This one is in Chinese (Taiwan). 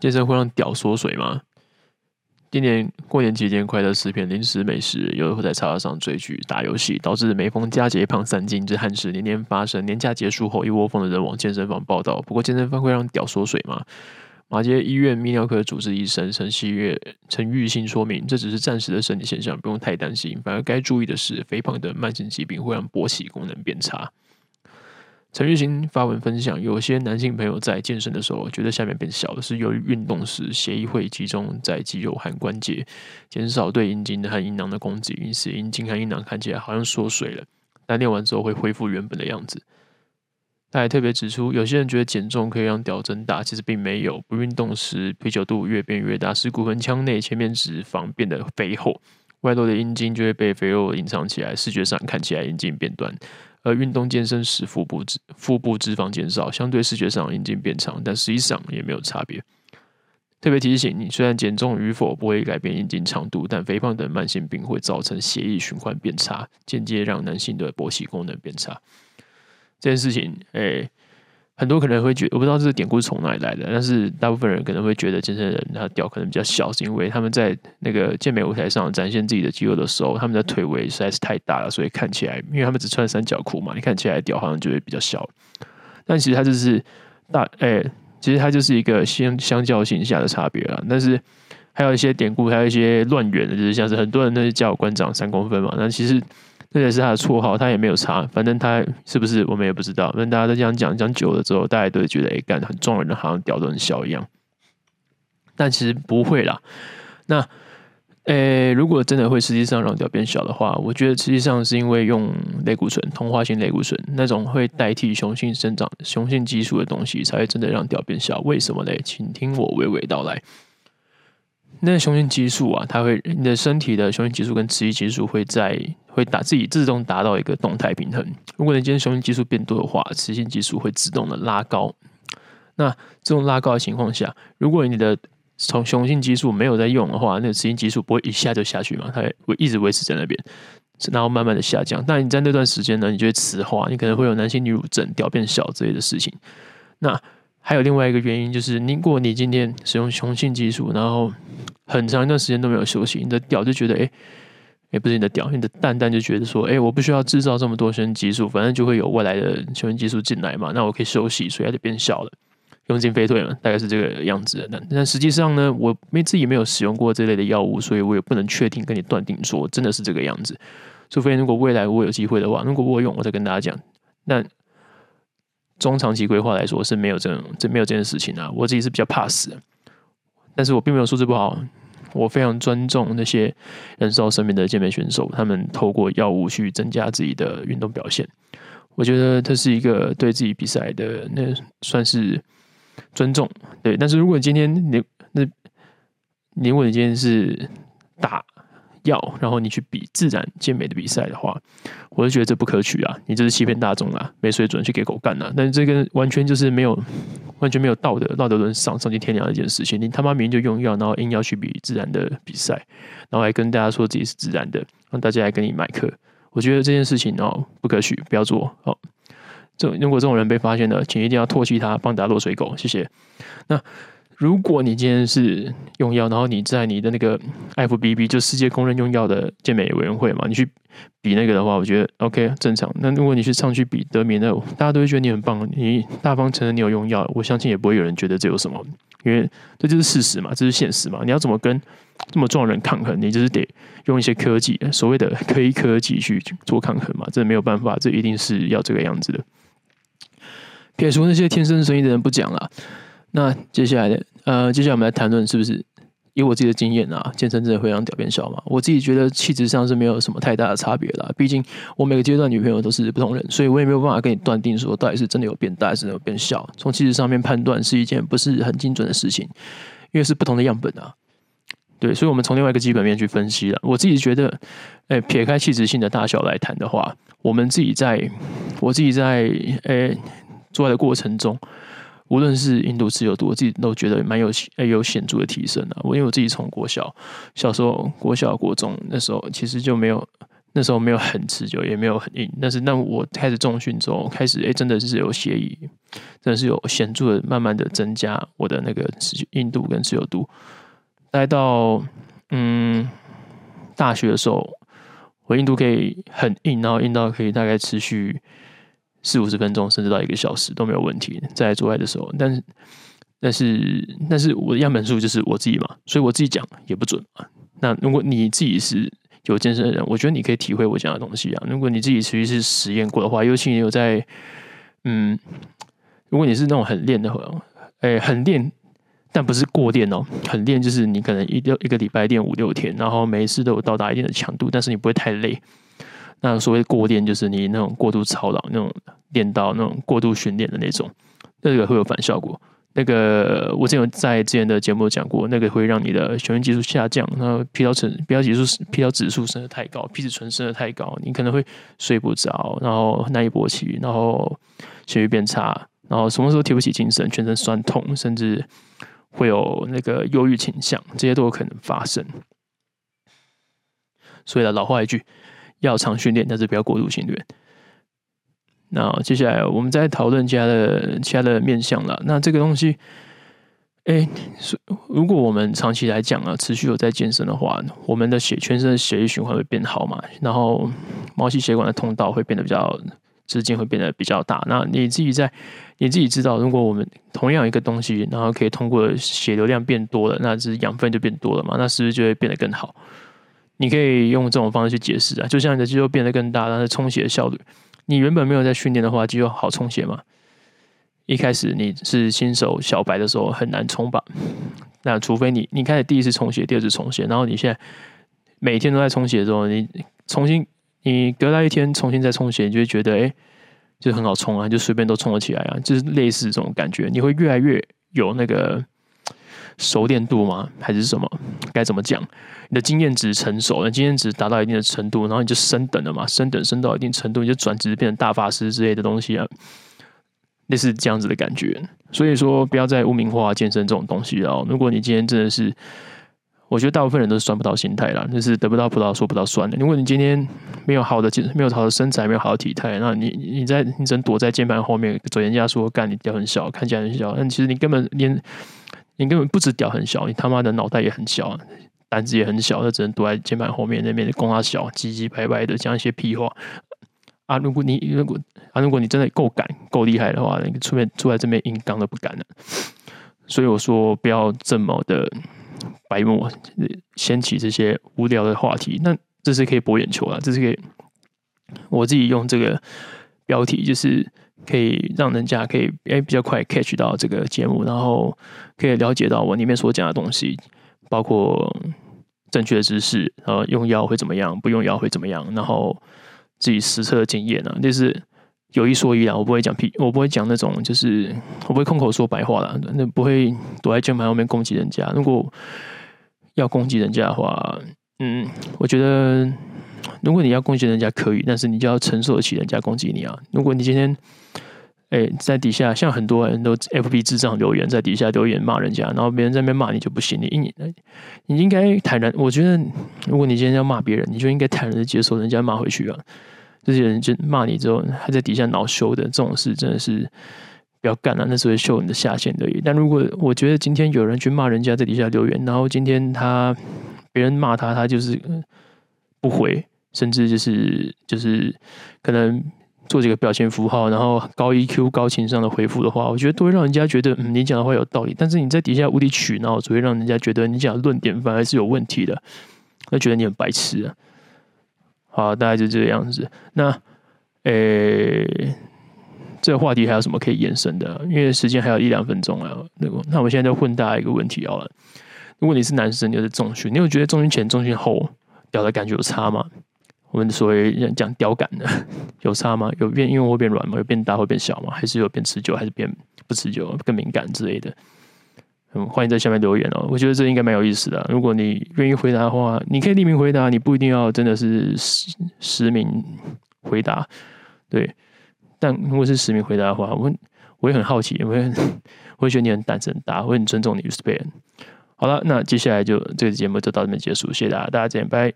健身會讓屌縮水嗎？今年過年期間，快樂食片、零食美食，有的會在沙發上追劇、打遊戲，導致每逢佳節胖三斤，這憾事年年發生。年假結束後，一窩蜂的人往健身房報到。不過，健身房會讓屌縮水嗎？馬偕醫院泌尿科主治醫生陳希月、陳玉新說明，這只是暫時的生理現象，不用太擔心。反而該注意的是，肥胖等慢性疾病會讓勃起功能變差。陳玉新發文分享，有些男性朋友在健身的時候，覺得下面變小了，是由於運動時血液會集中在肌肉和關節，減少對陰莖和陰囊的攻擊，因此陰莖和陰囊看起來好像縮水了。但練完之後會恢復原本的樣子。他還特別指出，有些人覺得減重可以讓屌增大，其實並沒有。不運動時，啤酒肚越變越大，使骨盆腔內前面脂肪變得肥厚，外露的陰莖就會被肥肉隱藏起來，視覺上看起來陰莖變短。而運動健身使腹部脂、腹部脂肪減少，相對視覺上陰莖變長，但實際上也沒有差別。特別提醒你，雖然減重與否不會改變陰莖長度，但肥胖等慢性病會造成血液循環變差，間接讓男性的勃起功能變差。這件事情，欸很多可能會覺得，我不知道這個典故是從哪裡來的，但是大部分人可能會覺得健身的人他的屌可能比較小，是因為他們在那個健美舞台上展現自己的肌肉的時候，他們的腿圍實在是太大了，所以看起來，因為他們只穿三角褲嘛，你看起來屌好像就會比較小。但其實他就是大，誒、欸，其實他就是一個相相較性下的差別了。但是還有一些典故，還有一些亂源的，就是像是很多人都是叫我館長三公分嘛，但其實。這也是他的綽號，他也沒有查，反正他是不是我們也不知道。反正大家都這樣講，講久了之後，大家都會覺得誒，幹很壯人好像屌都很小一樣，但其實不會啦。那誒，如果真的會，實際上讓屌變小的話，我覺得實際上是因為用類固醇，同化性類固醇那種會代替雄性生長雄性激素的東西，才會真的讓屌變小。為什麼嘞？請聽我娓娓道來。那雄性激素啊，它會你的身體的雄性激素跟雌性激素會在會打自己自動達到一個動態平衡。如果你今天雄性激素變多的話，雌性激素會自動的拉高。那這種拉高的情況下，如果你的從雄性激素沒有在用的話，那個雌性激素不會一下就下去嘛？它會一直維持在那邊，然後慢慢的下降。但你在那段時間呢，你就會雌化，你可能會有男性女乳症、屌變小之類的事情。那還有另外一個原因，就是如果你今天使用雄性激素，然後很長一段時間都沒有休息，你的屌就覺得誒，也、欸欸、不是你的屌，你的蛋蛋就覺得說，誒、欸，我不需要製造這麼多雄性激素，反正就會有外來的雄性激素進來嘛，那我可以休息，所以它就變小了，用進廢退嘛，大概是這個樣子。那但，但實際上呢，我沒自己也沒有使用過這類的藥物，所以我也不能確定跟你斷定說真的是這個樣子。除非如果未來我有機會的話，如果我有用，我再跟大家講。那。中長期規劃來說是沒有這這沒有這件事情啊！我自己是比較怕死的，但是我並沒有說這不好。我非常尊重那些燃燒生命的健美選手，他們透過藥物去增加自己的運動表現，我覺得這是一個對自己比賽的那算是尊重。對，但是如果你今天你那，你問你今天是打。藥，然後你去比自然健美的比賽的話，我就覺得這不可取啊！你這是欺騙大眾啊，沒水準去給狗幹啊！但是這個完全就是沒有，完全沒有道德、道德淪喪喪盡天良的一件事情。你他媽明明就用藥，然後硬要去比自然的比賽，然後還跟大家說自己是自然的，讓大家來跟你買課，我覺得這件事情哦不可取，不要做。好、哦，這如果這種人被發現了，請一定要唾棄他，棒打落水狗。謝謝。那。如果你今天是用藥，然後你在你的那個 FBB 就世界公認用藥的健美委員會嘛，你去比那個的話，我覺得 OK 正常。那如果你去上去比德米，那大家都會覺得你很棒，你大方承認你有用藥，我相信也不會有人覺得這有什麼，因為這就是事實嘛，這是現實嘛。你要怎麼跟這麼壯人抗衡？你就是得用一些科技，所謂的黑科技去做抗衡嘛，這沒有辦法，這一定是要這個樣子的。撇除那些天生神力的人不講了。那接下來的，呃，接下來我們來談論是不是，以我自己的經驗啊，健身真的會讓屌變小嗎？我自己覺得氣質上是沒有什麼太大的差別啦。畢竟我每個階段女朋友都是不同人，所以我也沒有辦法跟你斷定說到底是真的有變大，還是有變小。從氣質上面判斷是一件不是很精準的事情，因為是不同的樣本啊。對，所以我們從另外一個基本面去分析了。我自己覺得，哎、欸，撇開氣質性的大小來談的話，我們自己在，我自己在，哎、欸，做的過程中。無論是硬度、持久度，我自己都覺得蠻有顯、欸、有顯著的提升的、啊。我因為我自己從國小小時候、國小國中那時候，其實就沒有那時候沒有很持久，也沒有很硬。但是那我開始重訓之後，開始真的是有協議，真的是有顯著的、慢慢的增加我的那個持續硬度跟持久度。待到嗯大學的時候，我硬度可以很硬，然後硬到可以大概持續。四五十分鐘，甚至到一個小時都沒有問題，在做愛的時候。但、但是、但是，我的樣本數就是我自己嘛，所以我自己講也不準嘛。那如果你自己是有健身的人，我覺得你可以體會我講的東西啊。如果你自己其實是實驗過的話，尤其你有在，嗯，如果你是那種很練的話，誒、欸、很練，但不是過練哦，很練就是你可能一六一個禮拜練五六天，然後每一次都有到達一定的強度，但是你不會太累。那所謂過練，就是你那種過度操勞，那種練到那種過度訓練的那種，那個會有反效果。那個我之前在之前的節目講過，那個會讓你的雄性激素下降，然後皮質醇、皮質激素、皮質指數升得太高，皮質醇升得太高，你可能會睡不着，然後難以勃起，然後性欲變差，然後什麼時候提不起精神，全身酸痛，甚至會有那個憂鬱傾向，這些都有可能發生。所以呢，老話一句。要常訓練，但是不要過度訓練。那接下來，我們再討論其他的其他的面向了。那這個東西，哎、欸，如果我們長期來講啊，持續有在健身的話，我們的血全身的血液循環會變好嘛？然後毛細血管的通道會變得比較直徑會變得比較大。那你自己在你自己知道，如果我們同樣一個東西，然後可以通過血流量變多了，那這養分就變多了嘛？那是不是就會變得更好？你可以用這種方式去解釋啊，就像你的肌肉變得更大，但是充血效率，你原本沒有在訓練的話，肌肉好充血嘛。一開始你是新手小白的時候很難充吧，那除非你你開始第一次充血，第二次充血，然後你現在每天都在充血的時候，你重新你隔了一天重新再充血，你就會覺得哎、欸，就很好充啊，就隨便都充了起來啊，就是類似這種感覺，你會越來越有那個。熟練度嗎？還是什麼？該怎麼講？你的經驗值成熟，你經驗值達到一定的程度，然後你就升等了嘛？升等升到一定程度，你就轉職變成大法師之類的東西啊，類似這樣子的感覺。所以說，不要再污名化健身這種東西哦、啊。如果你今天真的是，我覺得大部分人都是算不到心態了，就是得不到葡萄說不到酸的、欸。如果你今天沒有好的健，沒有好的身材，沒有好的體態，那你你在你只能躲在鍵盤後面，嘴人家說幹，你屌很小，看起來很小，但其實你根本連。你根本不只屌很小，你他媽的腦袋也很小，膽子也很小，他只能躲在鍵盤後面那邊供他小，唧唧歪歪的講一些屁話啊！如果你如果啊如果你真的夠敢夠厲害的話，你出面出來這邊硬剛都不敢了。所以我說不要這麼的白目，掀起這些無聊的話題。那這是可以博眼球啊，這是可以我自己用這個標題就是。可以讓人家可以誒比較快 catch 到這個節目，然後可以了解到我裡面所講的東西，包括正確的知識，然後用藥會怎麼樣，不用藥會怎麼樣，然後自己實測的經驗呢、啊，那是有一說一啊，我不會講屁，我不會講那種，就是我不會空口說白話啦，那不會躲在鍵盤後面攻擊人家。如果要攻擊人家的話，嗯，我覺得。如果你要攻擊人家可以，但是你就要承受得起人家攻擊你啊！如果你今天，哎、欸，在底下像很多人都 FB 智障留言，在底下留言罵人家，然後別人在那邊罵你就不行，你你你應該坦然。我覺得，如果你今天要罵別人，你就應該坦然的接受人家罵回去啊！這些人就罵你之後，還在底下惱羞的，這種事真的是不要幹了、啊，那是會秀你的下限而已。但如果我覺得今天有人去罵人家在底下留言，然後今天他別人罵他，他就是。不回，甚至就是就是可能做幾個表情符號，然後高 EQ 高情商的回復的話，我覺得都會讓人家覺得，嗯，你講的話有道理。但是你在底下無理取鬧，只會讓人家覺得你講的論點反而是有問題的，會覺得你很白痴啊。好，大概就這個樣子。那誒，這個話題還有什麼可以延伸的？因為時間還有一兩分鐘啊。那個，那我們現在就問大家一個問題好了。如果你是男生，你就是重訓，你有覺得重訓前、重訓後？屌的感覺有差嗎？我們所謂講屌感的有差嗎？有變，因為我會變軟嗎？有變大，會變小嗎？還是有變持久，還是變不持久，更敏感之類的？嗯、歡迎在下面留言哦、喔。我覺得這應該蠻有意思的、啊。如果你願意回答的話，你可以匿名回答，你不一定要真的是實實名回答。對，但如果是實名回答的話，我我也很好奇，因為我覺得你很膽子，很大家很尊重你，就是被人。好了，那接下來就這個節目就到這邊結束，謝謝大家，大家再見，拜。